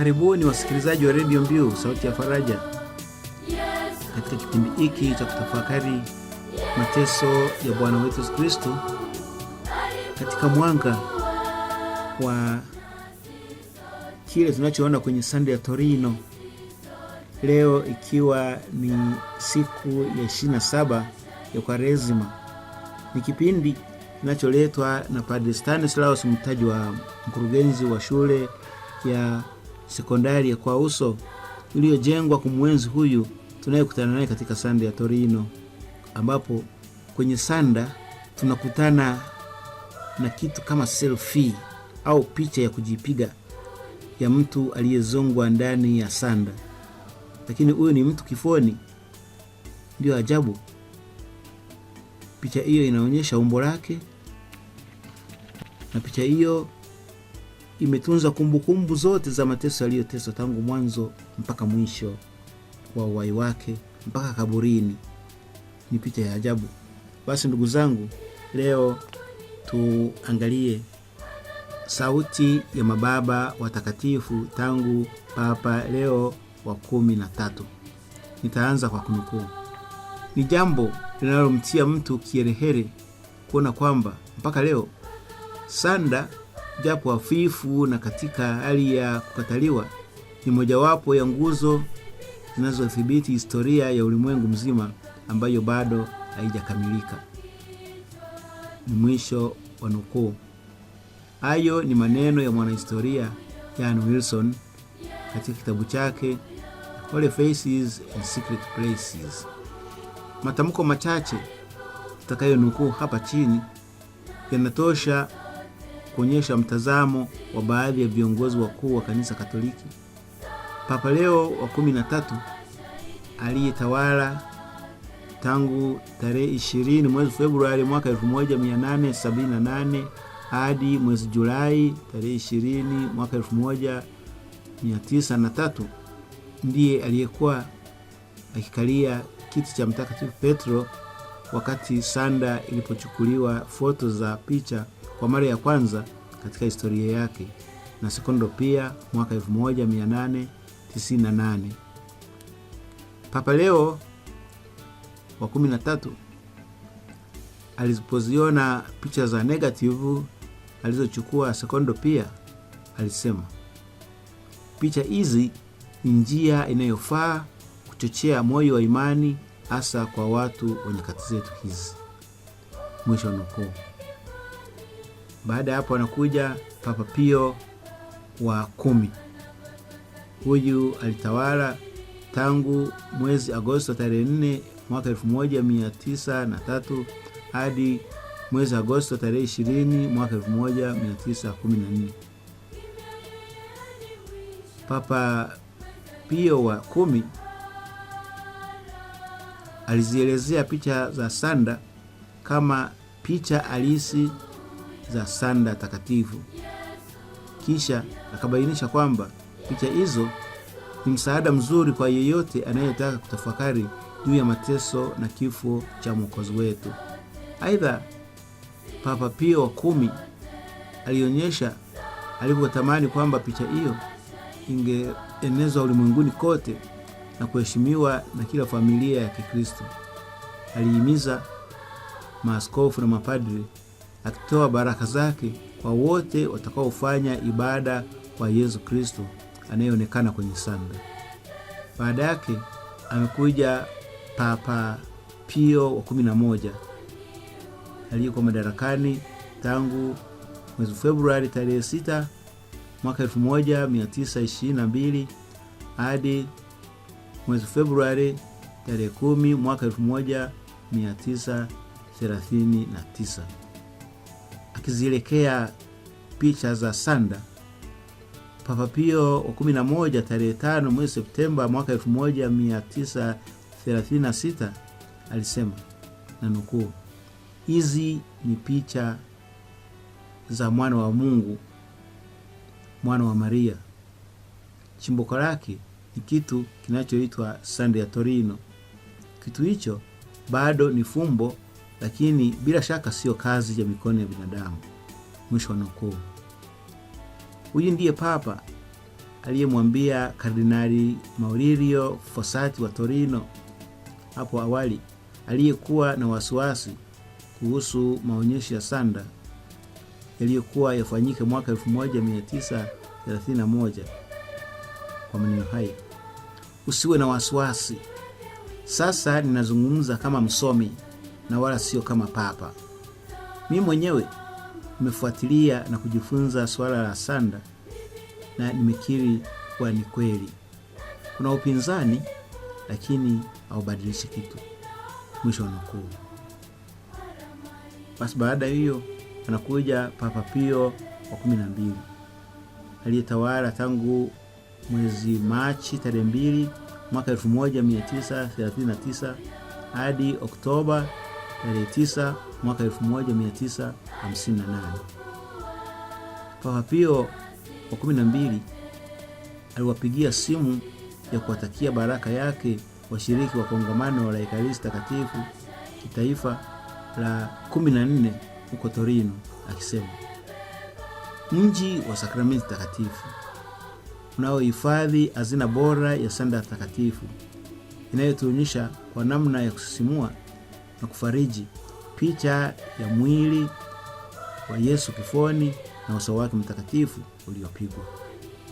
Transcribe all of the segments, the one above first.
Karibuni wasikilizaji wa redio Mbiu sauti ya Faraja katika kipindi hiki cha kutafakari mateso ya Bwana wetu Yesu Kristo katika mwanga wa kile tunachoona kwenye sande ya Torino, leo ikiwa ni siku ya 27 ya kwarezima Ni kipindi kinacholetwa na Padre Stanislaus Mtaji wa mkurugenzi wa shule ya sekondari ya kwa uso iliyojengwa kumwenzi huyu tunayekutana naye katika sanda ya Torino, ambapo kwenye sanda tunakutana na kitu kama selfie au picha ya kujipiga ya mtu aliyezongwa ndani ya sanda, lakini huyu ni mtu kifoni. Ndio ajabu, picha hiyo inaonyesha umbo lake na picha hiyo imetunza kumbukumbu zote za mateso aliyoteswa tangu mwanzo mpaka mwisho wa uwai wake mpaka kaburini. Ni picha ya ajabu. Basi ndugu zangu, leo tuangalie sauti ya mababa watakatifu tangu Papa Leo wa kumi na tatu. Nitaanza kwa kunukuu. Ni jambo linalomtia mtu kierehere kuona kwamba mpaka leo sanda japo hafifu na katika hali ya kukataliwa, ni mojawapo ya nguzo zinazothibiti historia ya ulimwengu mzima ambayo bado haijakamilika. Ni mwisho wa nukuu. Hayo ni maneno ya mwanahistoria Jan Wilson katika kitabu chake Holy Faces and Secret Places. Matamko machache tutakayonukuu hapa chini yanatosha kuonyesha mtazamo wa baadhi ya viongozi wakuu wa kanisa Katoliki. Papa Leo wa kumi na tatu aliyetawala tangu tarehe ishirini mwezi Februari mwaka 1878 hadi mwezi Julai tarehe ishirini mwaka 1903 ndiye aliyekuwa akikalia kiti cha Mtakatifu Petro wakati sanda ilipochukuliwa foto za picha kwa mara ya kwanza katika historia yake na Sekondo pia mwaka 1898. Papa Leo wa 13 alipoziona picha za negative alizochukua Sekondo pia alisema, picha hizi ni njia inayofaa kuchochea moyo wa imani hasa kwa watu wenye kati zetu hizi. Mwisho nukuu. Baada ya hapo anakuja Papa Pio wa kumi. Huyu alitawala tangu mwezi Agosto tarehe 4 mwaka tatu hadi mwezi Agosto tarehe ishirini mwaka 1914. Papa Pio wa kumi alizielezea picha za sanda kama picha halisi za sanda takatifu. Kisha akabainisha kwamba picha hizo ni msaada mzuri kwa yeyote anayetaka kutafakari juu ya mateso na kifo cha Mwokozi wetu. Aidha, Papa Pio wa kumi alionyesha alivyotamani kwamba picha hiyo ingeenezwa ulimwenguni kote na kuheshimiwa na kila familia ya Kikristo. Alihimiza maaskofu na mapadri akitoa baraka zake kwa wote watakaofanya ibada kwa Yesu Kristo anayeonekana kwenye sanda. Baada yake amekuja Papa Pio wa kumi na moja aliyekuwa madarakani tangu mwezi Februari tarehe 6 mwaka 1922 hadi mwezi Februari tarehe 10 mwaka 1939 akizielekea picha za sanda, Papa Pio wa 11 tarehe 5 mwezi Septemba mwaka 1936 alisema na nukuu, hizi ni picha za mwana wa Mungu, mwana wa Maria. Chimbuko lake ni kitu kinachoitwa sanda ya Torino. Kitu hicho bado ni fumbo lakini bila shaka sio kazi ya mikono ya binadamu. Mwisho wa nukuu. Huyu ndiye Papa aliyemwambia Kardinali Maurilio Fossati wa Torino hapo awali, aliyekuwa na wasiwasi kuhusu maonyesho ya sanda yaliyokuwa yafanyike mwaka 1931 kwa maneno haya: usiwe na wasiwasi, sasa ninazungumza kama msomi na wala sio kama papa. Mi mwenyewe nimefuatilia na kujifunza suala la sanda na nimekiri kuwa ni kweli kuna upinzani, lakini haubadilishi kitu. Mwisho wanukuu. Basi baada hiyo anakuja Papa Pio wa kumi na mbili aliyetawala tangu mwezi Machi tarehe mbili mwaka 1939 hadi Oktoba tarehe 9 mwaka 1958. Papa Pio wa 12 aliwapigia simu ya kuwatakia baraka yake washiriki wa kongamano la Ekaristi Takatifu kitaifa la 14 huko Torino, akisema mji wa sakramenti takatifu unaohifadhi hazina bora ya sanda takatifu inayotuonyesha kwa namna ya kusisimua na kufariji picha ya mwili wa Yesu kifoni na uso wake mtakatifu uliopigwa.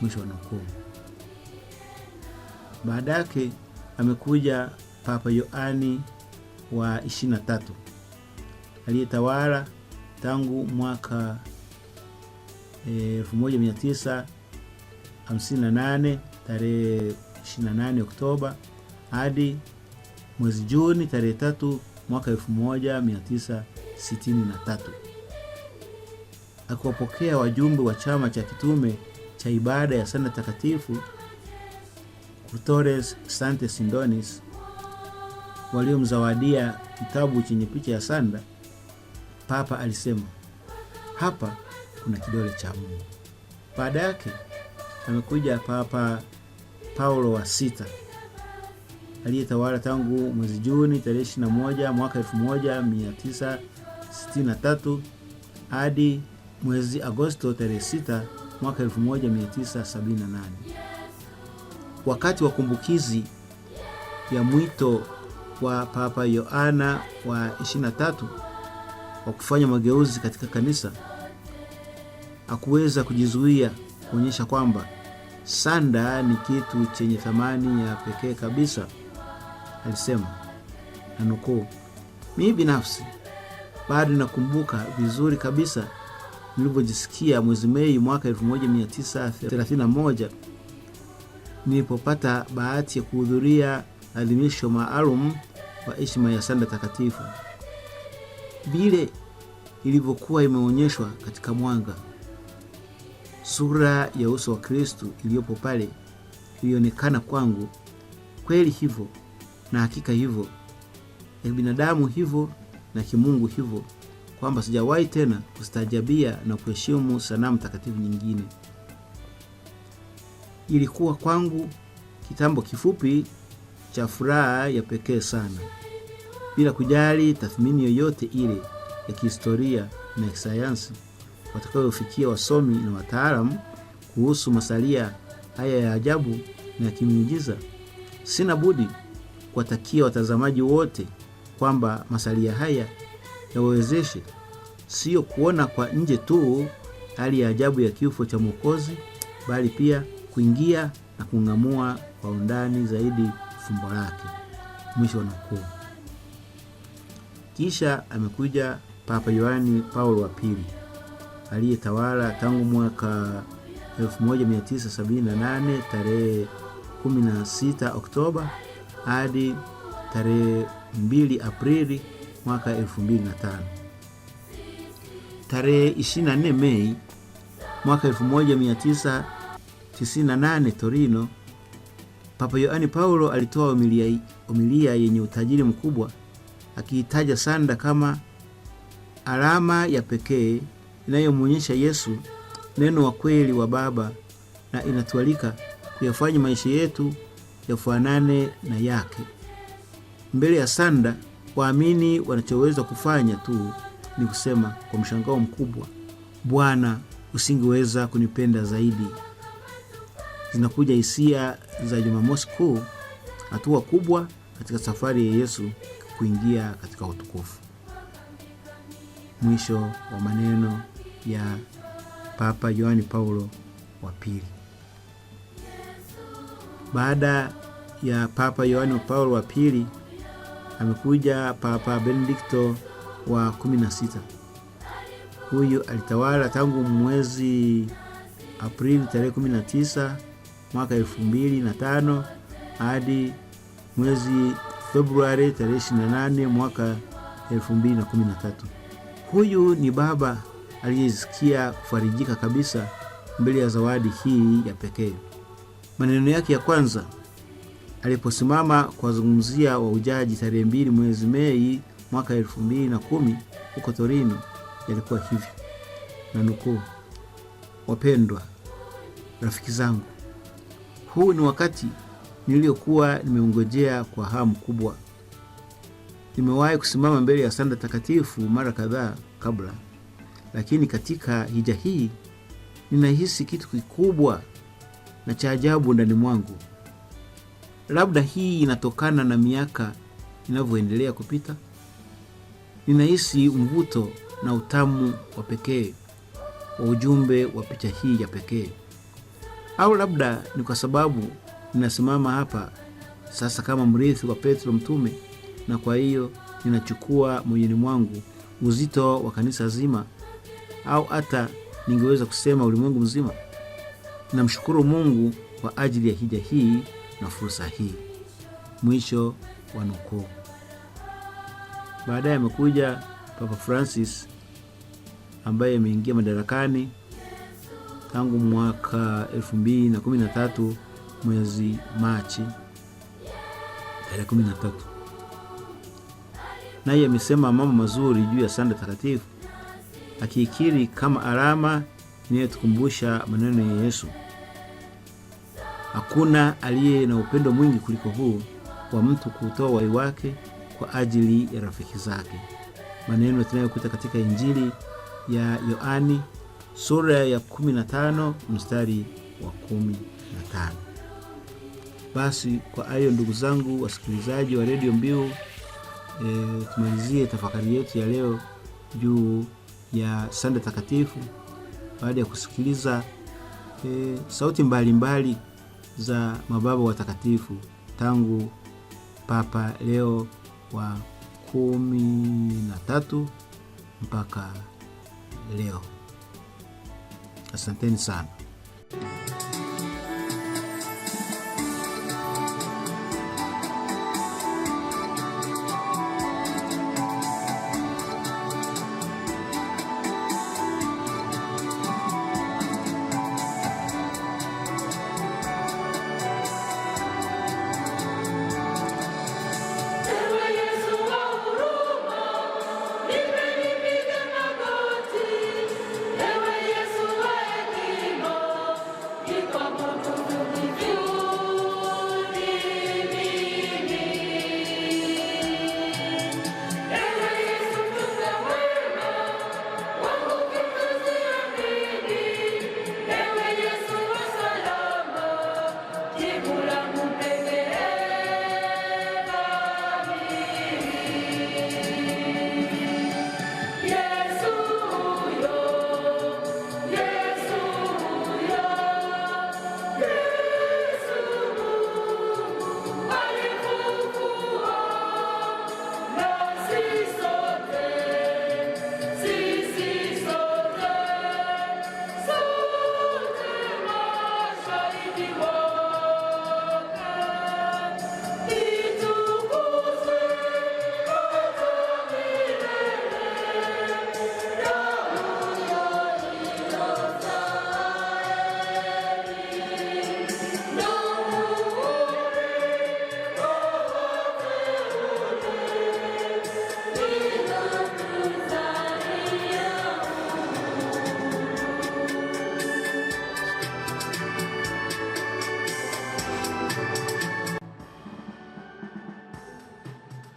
Mwisho wa nukuu. Baada yake amekuja Papa Yohani wa 23 aliyetawala tangu mwaka 1958 eh, tarehe 28 Oktoba hadi mwezi Juni tarehe tatu mwaka 1963 akiwapokea wajumbe wa chama cha kitume cha ibada ya sanda takatifu Torres Sante Sindonis waliomzawadia kitabu chenye picha ya sanda, Papa alisema hapa kuna kidole cha Mungu. Baada yake amekuja Papa Paulo wa sita aliyetawala tangu mwezi Juni tarehe 21 mwaka 1963 hadi mwezi Agosto tarehe 6 mwaka 1978. Wakati wa kumbukizi ya mwito wa Papa Yohana wa 23 wa kufanya mageuzi katika kanisa, hakuweza kujizuia kuonyesha kwamba sanda ni kitu chenye thamani ya pekee kabisa alisema na nukuu, mimi binafsi bado nakumbuka vizuri kabisa nilivyojisikia mwezi Mei mwaka 1931 nilipopata bahati ya kuhudhuria adhimisho maalum wa heshima ya sanda takatifu vile ilivyokuwa imeonyeshwa katika mwanga. Sura ya uso wa Kristu iliyopo pale ilionekana kwangu kweli hivyo na hakika hivyo ya binadamu hivyo na kimungu hivyo, kwamba sijawahi tena kustajabia na kuheshimu sanamu takatifu nyingine. Ilikuwa kwangu kitambo kifupi cha furaha ya pekee sana, bila kujali tathmini yoyote ile ya kihistoria na kisayansi watakayofikia wasomi na wataalamu kuhusu masalia haya ya ajabu na ya kimiujiza. Sina budi kuwatakia watazamaji wote kwamba masalia haya yawawezeshe sio kuona kwa nje tu hali ya ajabu ya kifo cha Mwokozi, bali pia kuingia na kung'amua kwa undani zaidi fumbo lake. Mwisho wa Kisha amekuja Papa Yohani Paulo wa pili aliyetawala tangu mwaka 1978 tarehe 16 Oktoba hadi tarehe 2 Aprili mwaka 2005. Tarehe 24 Mei mwaka 1998 Torino, Papa Yohani Paulo alitoa homilia, homilia yenye utajiri mkubwa akiitaja sanda kama alama ya pekee inayomwonyesha Yesu, neno wa kweli wa Baba, na inatualika kuyafanya maisha yetu yafanane na yake. Mbele ya sanda, waamini wanachoweza kufanya tu ni kusema kwa mshangao mkubwa, Bwana, usingeweza kunipenda zaidi. Zinakuja hisia za Jumamosi Kuu, hatua kubwa katika safari ya Yesu kuingia katika utukufu. Mwisho wa maneno ya Papa Yohani Paulo wa Pili. Baada ya Papa Yohane Paulo wa pili amekuja Papa Benedikto wa kumi na sita. Huyu alitawala tangu mwezi Aprili tarehe 19 mwaka elfu mbili na tano hadi mwezi Februari tarehe 28 mwaka elfu mbili na kumi na tatu. Huyu ni baba aliyesikia kufarijika kabisa mbele ya zawadi hii ya pekee. Maneno yake ya kwanza aliposimama kuwazungumzia waujaji tarehe mbili mwezi Mei mwaka elfu mbili na kumi huko Torino yalikuwa hivi, na nukuu: wapendwa rafiki zangu, huu ni wakati niliyokuwa nimeungojea kwa hamu kubwa. Nimewahi kusimama mbele ya sanda takatifu mara kadhaa kabla, lakini katika hija hii ninahisi kitu kikubwa na cha ajabu ndani mwangu. Labda hii inatokana na miaka inavyoendelea kupita. Ninahisi mvuto na utamu wa pekee wa ujumbe wa picha hii ya pekee, au labda ni kwa sababu ninasimama hapa sasa kama mrithi wa Petro Mtume, na kwa hiyo ninachukua moyoni mwangu uzito wa kanisa zima, au hata ningeweza kusema ulimwengu mzima. Namshukuru Mungu kwa ajili ya hija hii na fursa hii. Mwisho wa nukuu. Baadaye amekuja Papa Francis ambaye ameingia madarakani tangu mwaka 2013 mwezi Machi tarehe 13, naye amesema mambo mazuri juu ya sanda takatifu, akiikiri kama alama inayotukumbusha maneno ya Yesu Hakuna aliye na upendo mwingi kuliko huu wa mtu kutoa uhai wake kwa ajili ya rafiki zake, maneno tunayokuta katika Injili ya Yohani sura ya 15 mstari wa 15. Basi kwa hayo, ndugu zangu wasikilizaji wa redio Mbiu, e, tumalizie tafakari yetu ya leo juu ya sanda takatifu baada ya kusikiliza e, sauti mbalimbali mbali za mababa watakatifu tangu Papa Leo wa kumi na tatu mpaka leo. Asanteni sana.